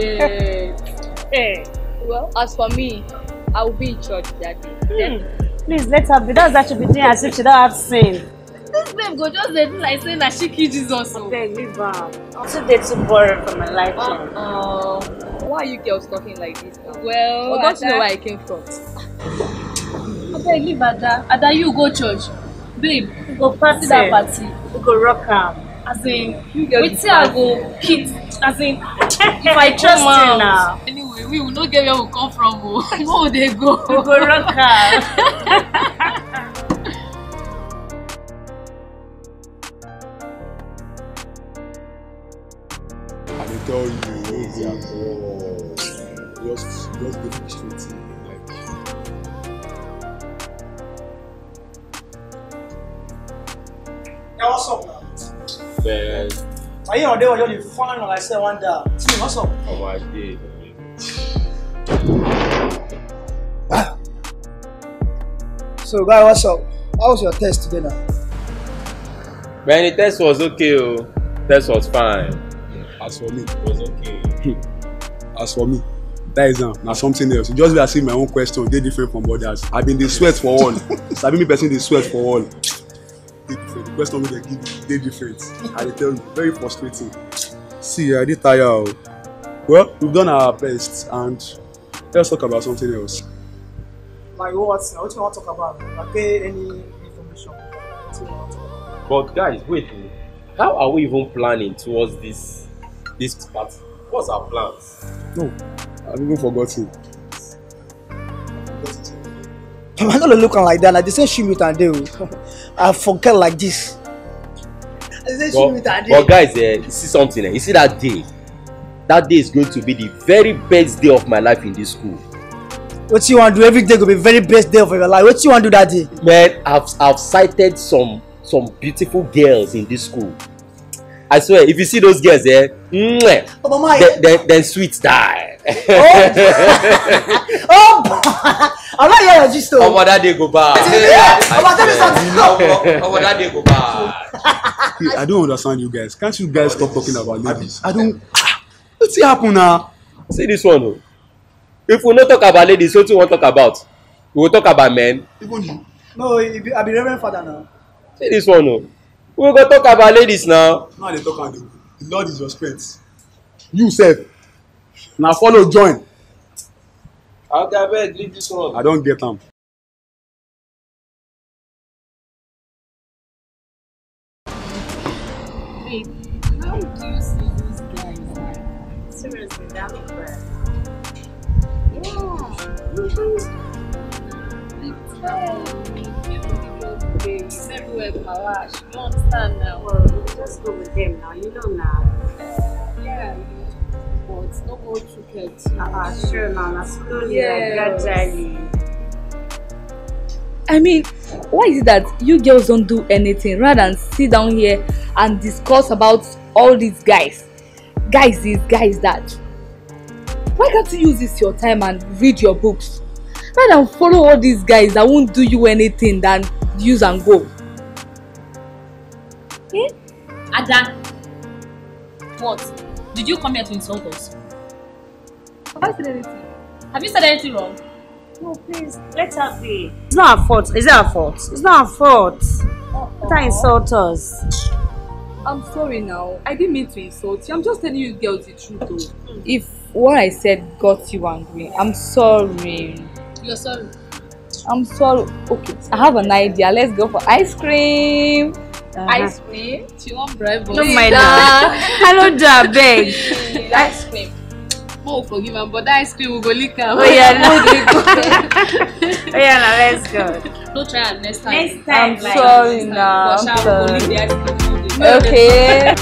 hey. Eh. Well, as for me, I will be in church that day. Mm. Please let her be. That's actually the thing doing as if she don't have sin. This babe go just dey like saying that she kill Jesus oh. Okay, Abeg leave am. Too dey too boring for my life. Uh, uh, why are you girls talking like this now? Well, well don't you know where I came from? Okay, leave Ada. Ada you go church. Babe, go party that party. We go rock am as in wetin i go keep as in if i trust you now. anyway we no get where we come from o oh. where we dey go. we go rock am. ayé ọ̀dẹ́ ọ̀yọ́ lè fún àrùn àìsẹ́ wọn dà tí mi wọ́n sọ. ọmọ ajé ìdílé. Ah. so guy what's up how was your test today now? man the test was okay Oh, test was fine. as for me it was okay. as for me that is um, now na something else e just be asking my own question They different from others I've been the sweat for all I've been the person the sweat for all question wey dem give dey different and dey tell you very frustrating see i dey tire o well we done our best and let's talk about something else. my what na wetin we wan talk about na pay any information wetin we wan talk about. but guys wait o how are we even planning towards this this party what's our plans. no i even forgotten. I am not looking like that. Like the same shimmy and day. I forget like this. But, but guys, uh, you see something. Uh, you see that day. That day is going to be the very best day of my life in this school. What you want to do every day will be the very best day of your life. What you want to do that day? Man, I've I've sighted some some beautiful girls in this school. I swear, if you see those girls there, eh, oh, then, eh. then, then sweet die. oh, bà ọlọ́yẹ̀ yóò jí so. ọmọ dáadé go bá. ọmọ tẹ́lẹ̀ sọ go back. I don't understand you guys can't you guys stop talking about ladies I don't wetin happen now. see this one oh. if we not talk about ladies wetin we wan talk about we will talk about men. even you. no i be reverend father now. see this one oh. We will go talk about ladies now. now they talk about the lord is your strength you sef na follow join. Oga abeg leave this one. I don get am. Babe, how do you see these guys? Seriously, that look bad. Yeah. Look at you. It's everywhere, Malash. You understand now? Well, just go with them now. You know now. Yeah. kids, no more two kids. Uh, ah, sure, Mama. Slowly, yes. gradually. I mean, why is it that you girls don't do anything rather than sit down here and discuss about all these guys? Guys this, guys that. Why can't you use this your time and read your books? Rather than follow all these guys that won't do you anything than use and go. Eh? Ada, what? Did you come here to insult us? Have I said anything? Have you said anything wrong? No, please, let her be. It's not our fault. Is it our fault? It's not our fault. Uh -oh. insult us. I'm sorry now. I didn't mean to insult you. I'm just telling you girls the truth though. If what I said got you angry, I'm sorry. You're sorry? I'm sorry. Okay, I have an idea. Let's go for ice cream. Uh-huh. Ice cream? Do you want bread? No, my mind Hello, I Ice cream. More forgive him, but that ice cream will go lick him. Oh yeah, no. oh yeah, now let's go. No try next time. Next time. I'm like, sorry now. Nah, Okay.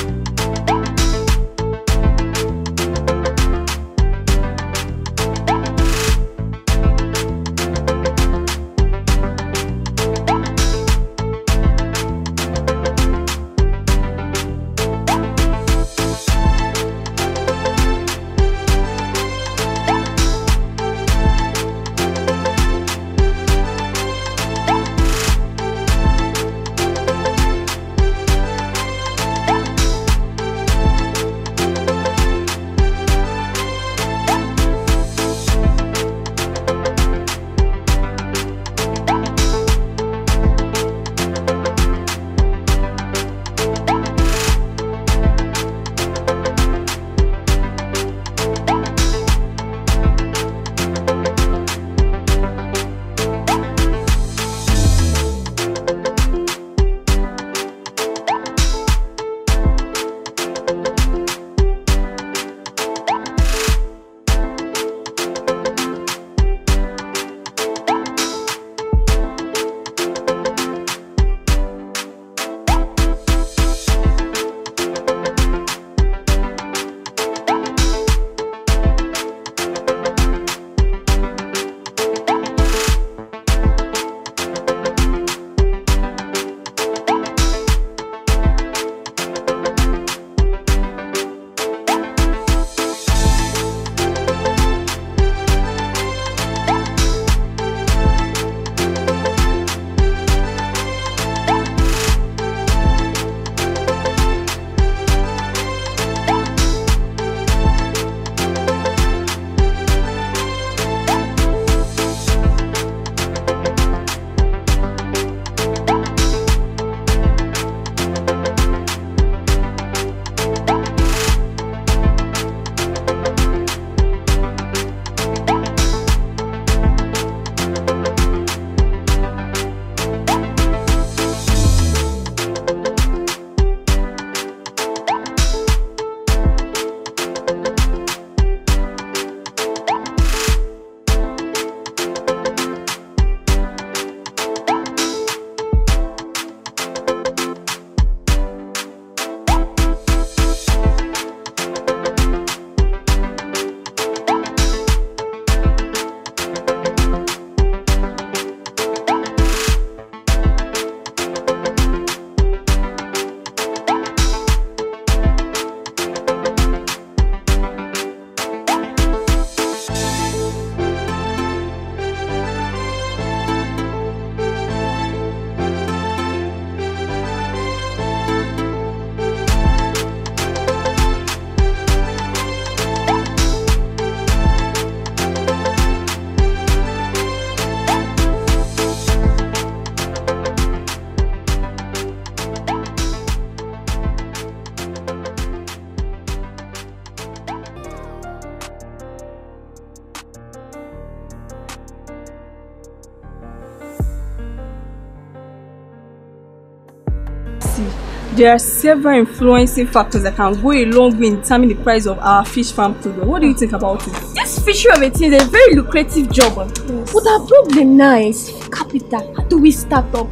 there are several influencing factors that can go a long way in determining the price of our fish farm product. What do you think about it? This fishery of a is a very lucrative job. Yes. But our problem now is capital. How do we start up?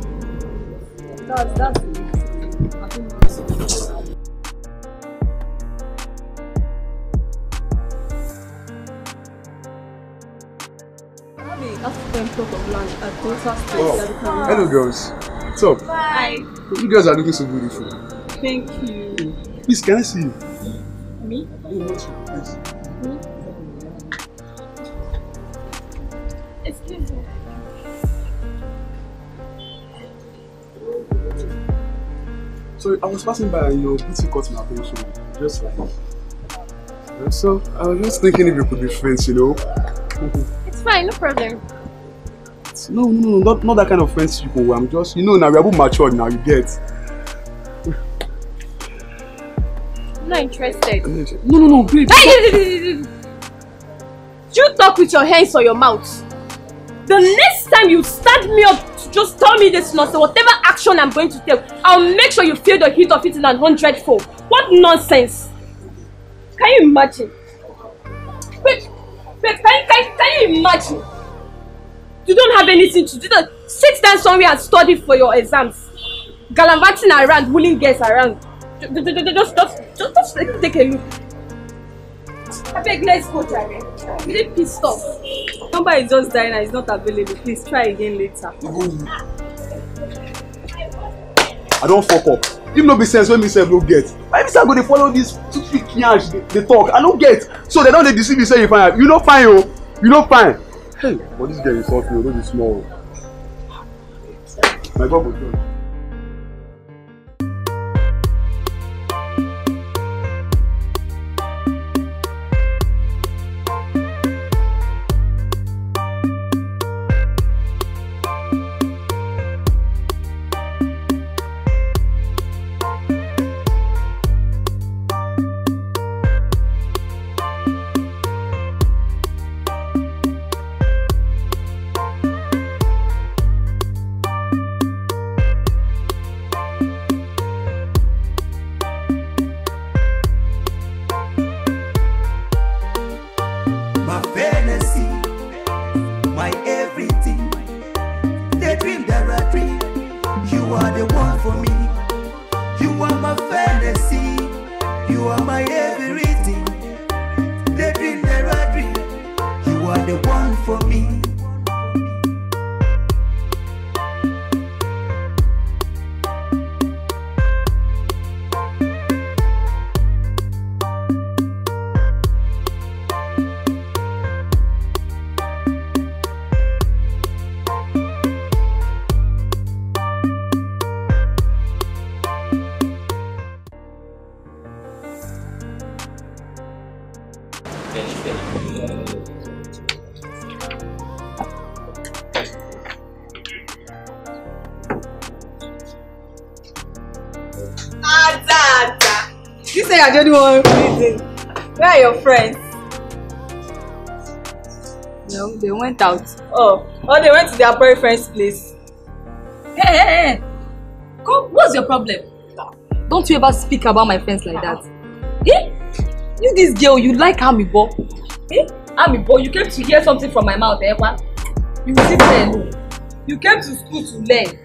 That's, that's Oh. Hello, girls. What's up? Bye. You guys are looking so beautiful. Thank you. Please, can I see you? Me? No, oh, Me? Excuse me. So I was passing by your beauty caught my attention, just like. So I was just thinking if we could be friends, you know. it's fine, no problem that no no no not, not that kind of friends, people. i i'm just you know now we are both matured now you get. i'm not interested. no no no babe. Hey, you talk with your hands or your mouth the next time you stand me up to just tell me this nonsense whatever action i'm going to take i'll make sure you feel the heat of it in an hundredfold what nonsense can you imagine wait wait can can, can you imagine. You don't have anything to do. Sit down somewhere and study for your exams. Gallivanting around, wheeling girls around. Just, just, just, just take a look. Abeg, let's go, Jare. You dey pissed off. Somebody is just dying and it's not available. Please try again later. I don't fuck up. If no be sense wey me sef no get, why be go dey follow this two three yansh dey talk? I don't get. So they don't dey deceive me say you fine. You no fine oo. Oh. You no fine. Hey, but this guy is not real, do small. My God, my everything. They dream there are dream. You are the one for me. You are my fantasy. You are my everything. They dream there are dream. You are the one for me. Ada, Ada. You say you're the only one freezing. Where are your friends? No, they went out. Oh, oh, they went to their boyfriend's place. Hey, hey, hey. Come, what's your problem? Don't you ever speak about my friends like that. Uh-huh. Eh? You this girl, you like Amibo. Eh? Amibo, you came to hear something from my mouth, Ewa. Eh, you sit there alone. You came to school to learn.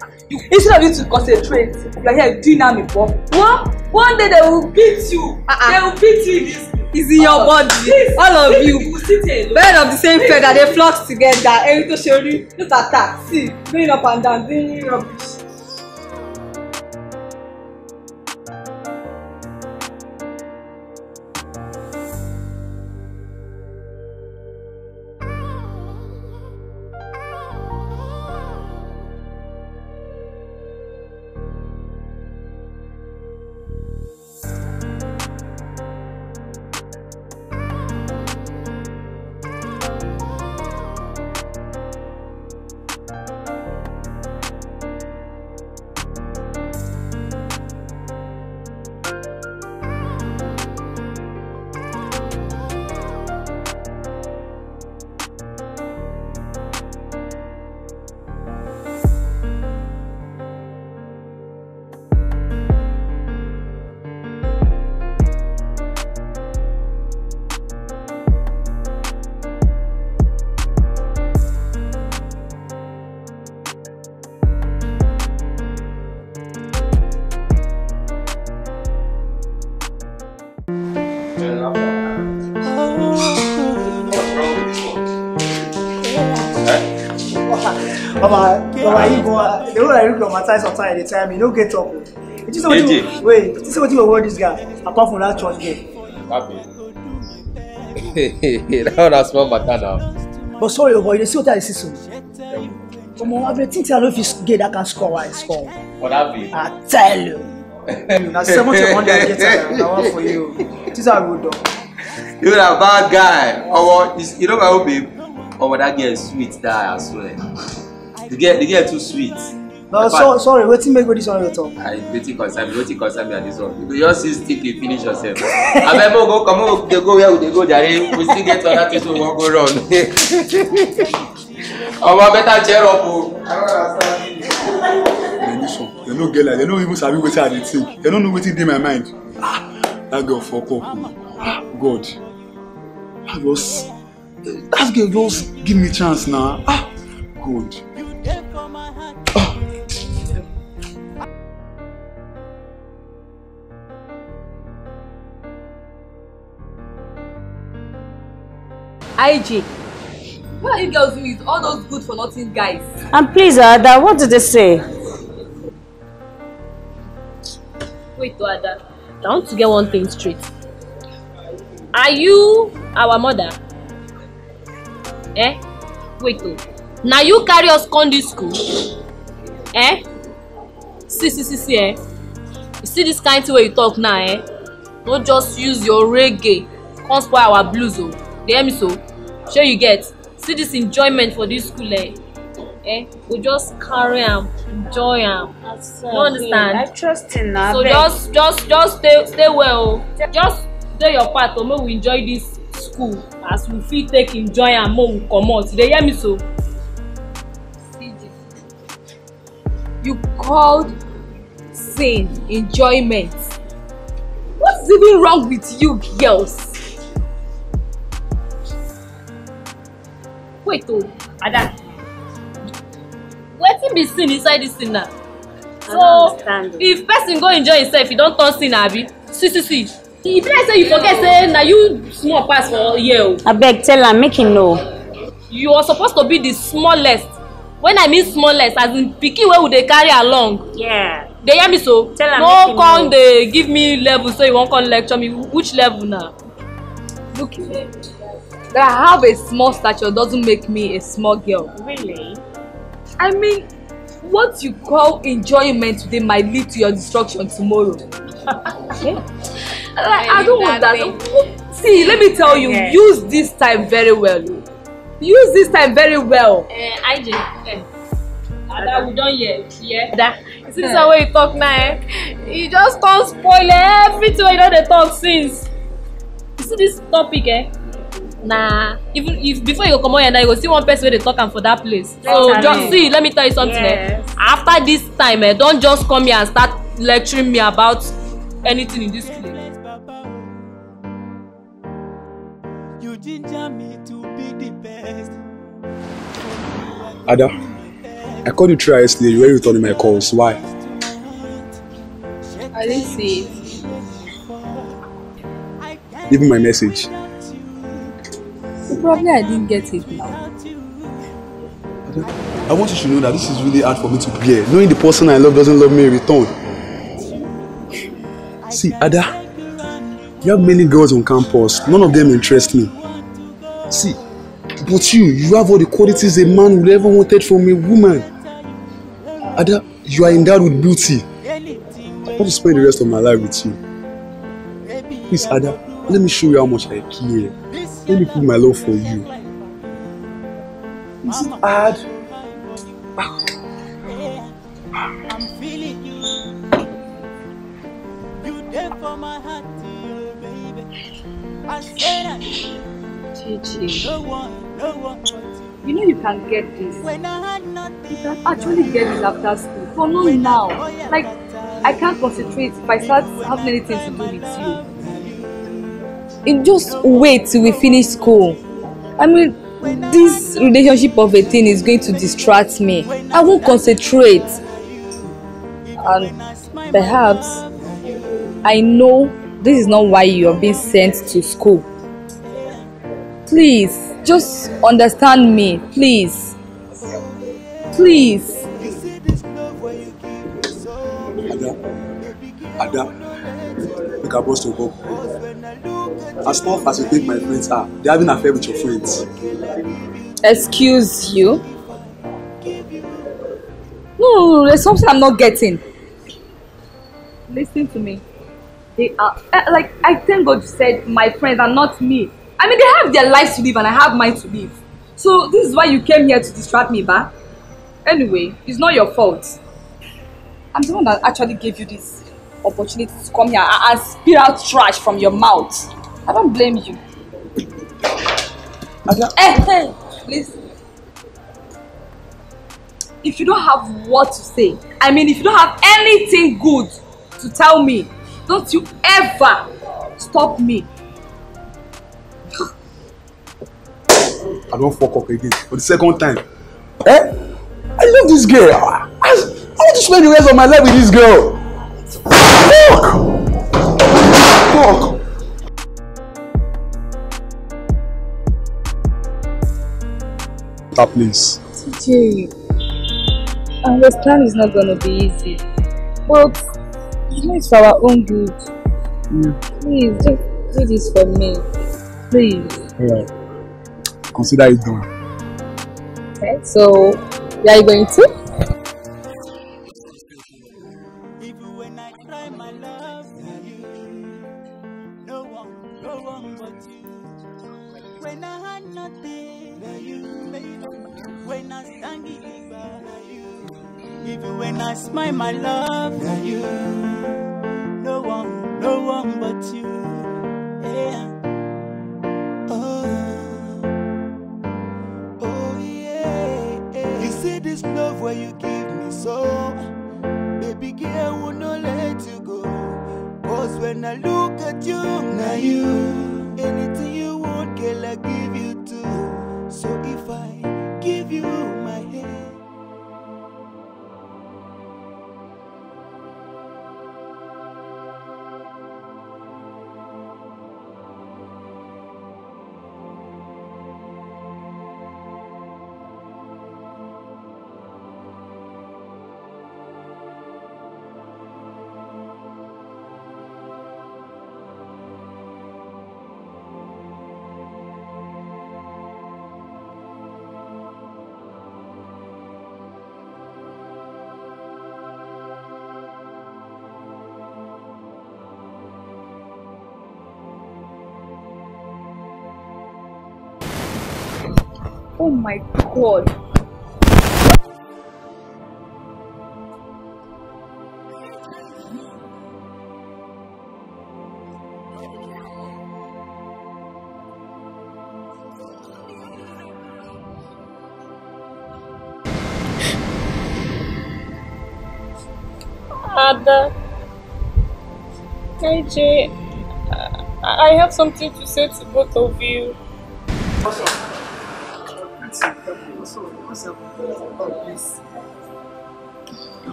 Instead of you to concentrate, you are here doing army ball. What? One day they will beat you. Uh-uh. They will beat you in this. in your body. Please, All of please, you. Bird of the same feather, they flock together. Erin to Shori, look at that. See, going up and down, doing rubbish. Are you going? The whole I look at my ties outside the time, you don't get up. Wait, what you wait. what you word this guy. Apart from that church game. Happy. that one small matter now. But oh, sorry, oh boy, you see what I see soon. Come on, I've been thinking I know if he's gay that can score, I score. What have you? I tell you. now seventy one that gets I get want for you. This is how we do. You're a bad guy. Oh, you know my old babe. Oh, that girl is sweet, that I swear. the girl the girl too sweet. no so, sorry wetin make we dis one your talk. ah wetin concern me wetin concern me at this one you just still think you finish yourself abeg mo go comot we dey go where we dey go jare we still get other things we wan go run ọmọ better cheer up o. dem no get like dem no even sabi wetin i dey think dem no know wetin dey my mind ah that girl fuck up o ah, god i eh, that girl just give me chance na ah god. IJ. What are you girls doing with all those good for nothing guys? And please, Ada, what did they say? Wait, Ada. I want to get one thing straight. Are you our mother? Eh? Wait, though. Now you carry us come this school? Eh? See, see, see, see, eh? You see this kind of way you talk now, eh? Don't just use your reggae. Come spoil our blues, oh. Dey hear me so? shey you get see this enjoyment for this school eh eh go just carry am enjoy am you understand I trust in so just just just stay stay well oh. just do your part o oh. make we enjoy this school as we fit take enjoy am make we comot you dey hear me so. you called sin enjoyment What's even wrong with you girls wait oh ada wetin be seen inside dis thing na so if person go enjoy himself he don't turn sin abi see see see e be say you forget say now you small pass for here I beg tell am make him know. you are supposed to be the smallest when i mean smallest as in pikin wey would they carry along. Yeah. They hear me so. tell am make im know no come dey give me level so you won't come lecture me which level now. look here. that I have a small stature doesn't make me a small girl. Really? I mean, what you call enjoyment today might lead to your destruction tomorrow. okay? Like, I, don't want that. See, let me tell you, use this time very well. Use this time very well. Uh, I just. Uh, that we don't yet, yeah. That since uh. way you talk now, eh? You just can't spoil everything you know they talk since. You see this topic, eh? na even if before you go comot yanda you go see one person wey dey talk am for that place so just see let me tell you something eh after this time eh don just come here and start lecturing me about anything in this place. Ada, I call you thrice today. You were returning my calls. Why? I didn't see it. Even my message. Probably I didn't get it now. I, want you to know that this is really hard for me to bear. Knowing the person I love doesn't love me in return. See, Ada, you have many girls on campus. None of them interest me. See, but you, you have all the qualities a man would ever wanted from a woman. Ada, you are endowed with beauty. I want to spend the rest of my life with you. Please, Ada, let me show you how much I care. Let me put my love for you. Is it hard? I'm feeling you. You there for my heart, baby. I said I No one, no one you know you can get this. You can actually get this after school. For now. Like, I can't concentrate if I start having anything to do with you it just wait till we finish school. I mean, this relationship of a thing is going to distract me. I won't concentrate. And perhaps I know this is not why you're being sent to school. Please, just understand me, please. Please. Ada, Ada, make a boss to go as tough as you think my friends are they're having an affair with your friends. excuse you no there's something i'm not getting listen to me they are uh, like i thank god you said my friends are not me i mean they have their lives to live and i have mine to live so this is why you came here to distract me ba anyway it's not your fault i'm the one that actually gave you this opportunity to come here and spit out trash from your mouth I don't blame you. Eh, hey, hey, If you don't have what to say, I mean, if you don't have anything good to tell me, don't you ever stop me. I don't fuck up again for the second time. Eh? I love this girl. I, I, I want to spend the rest of my life with this girl. Fuck! Fuck! that place. TJ, I plan is not gonna be easy, but you know it's for our own good. Mm. Please, just do this for me. Please. Alright. Consider it done. Okay, so, are you going to? Even when I smile, my love for you. No one, no one but you. Yeah. Oh, oh yeah. You see this love where you give me so. Baby girl, will not let you go. Cause when I look at you, now you. Oh my god. Ada, uh, KJ, uh, I have something to say to both of you. Awesome soul because of this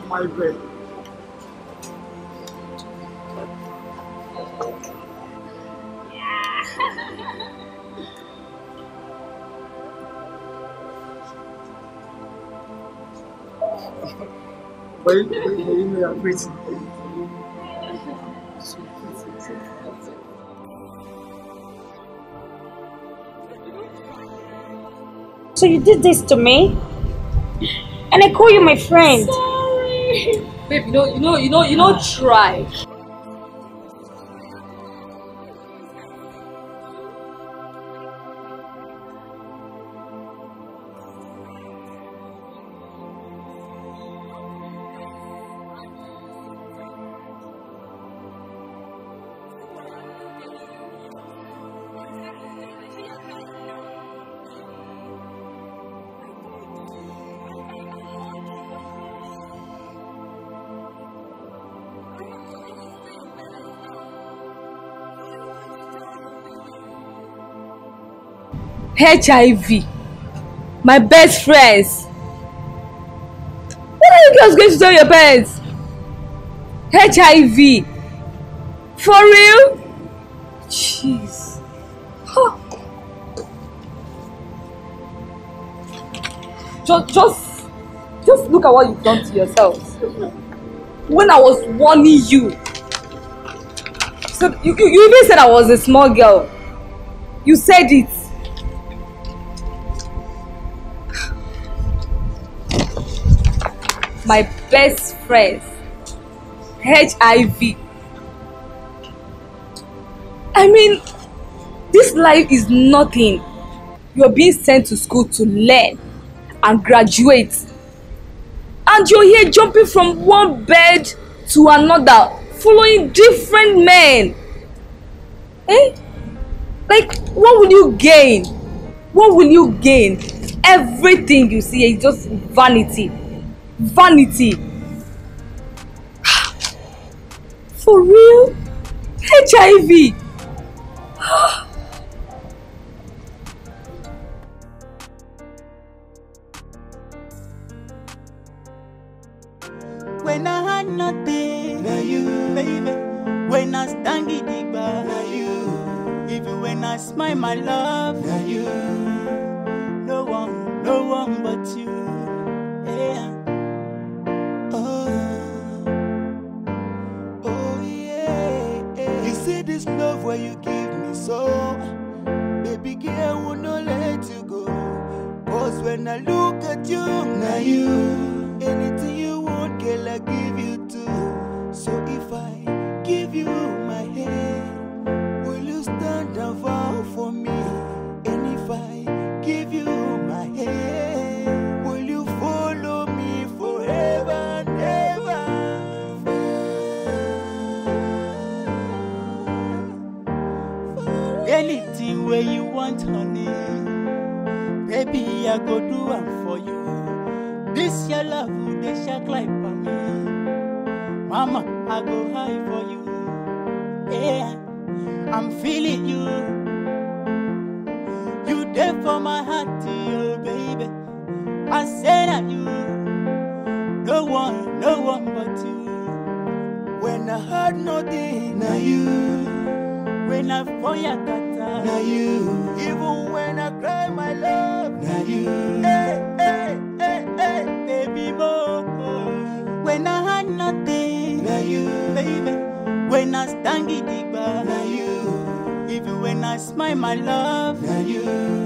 my brain. but, you know, i So you did this to me? And I call you my friend. Sorry. Babe, you know, you know, you know, you know, try. HIV, my best friends. What are you girls going to tell your parents? HIV. For real? Jeez. Just, just, just look at what you've done to yourselves. When I was warning you, so you, you, you even said I was a small girl. You said it. my best friends HIV. I mean, this life is nothing. You are being sent to school to learn and graduate. And you're here jumping from one bed to another, following different men. Eh? Like, what will you gain? What will you gain? Everything you see is just vanity. Vanity. For real? HIV. when I had nothing, now you, baby. When I stand in the bar, now you. Even when I smile, my love, now you. No one, no one but you. this love where you give me so Baby girl, will not let you go Cause when I look at you, now you anything where you want, honey. Baby, I go do am for you. This your love, they shall like for me. Mama, I go high for you. Yeah, I'm feeling you. You there for my heart, you baby. I said that you. No one, no one but you. When I had nothing, now you. When I fall, you. Now you. Even when I cry, my love. Now you. Hey, hey, hey, hey, baby boy. When I had nothing. Now you. Baby. When I stand in the bar. Now you. Even when I smile, my love. Now you.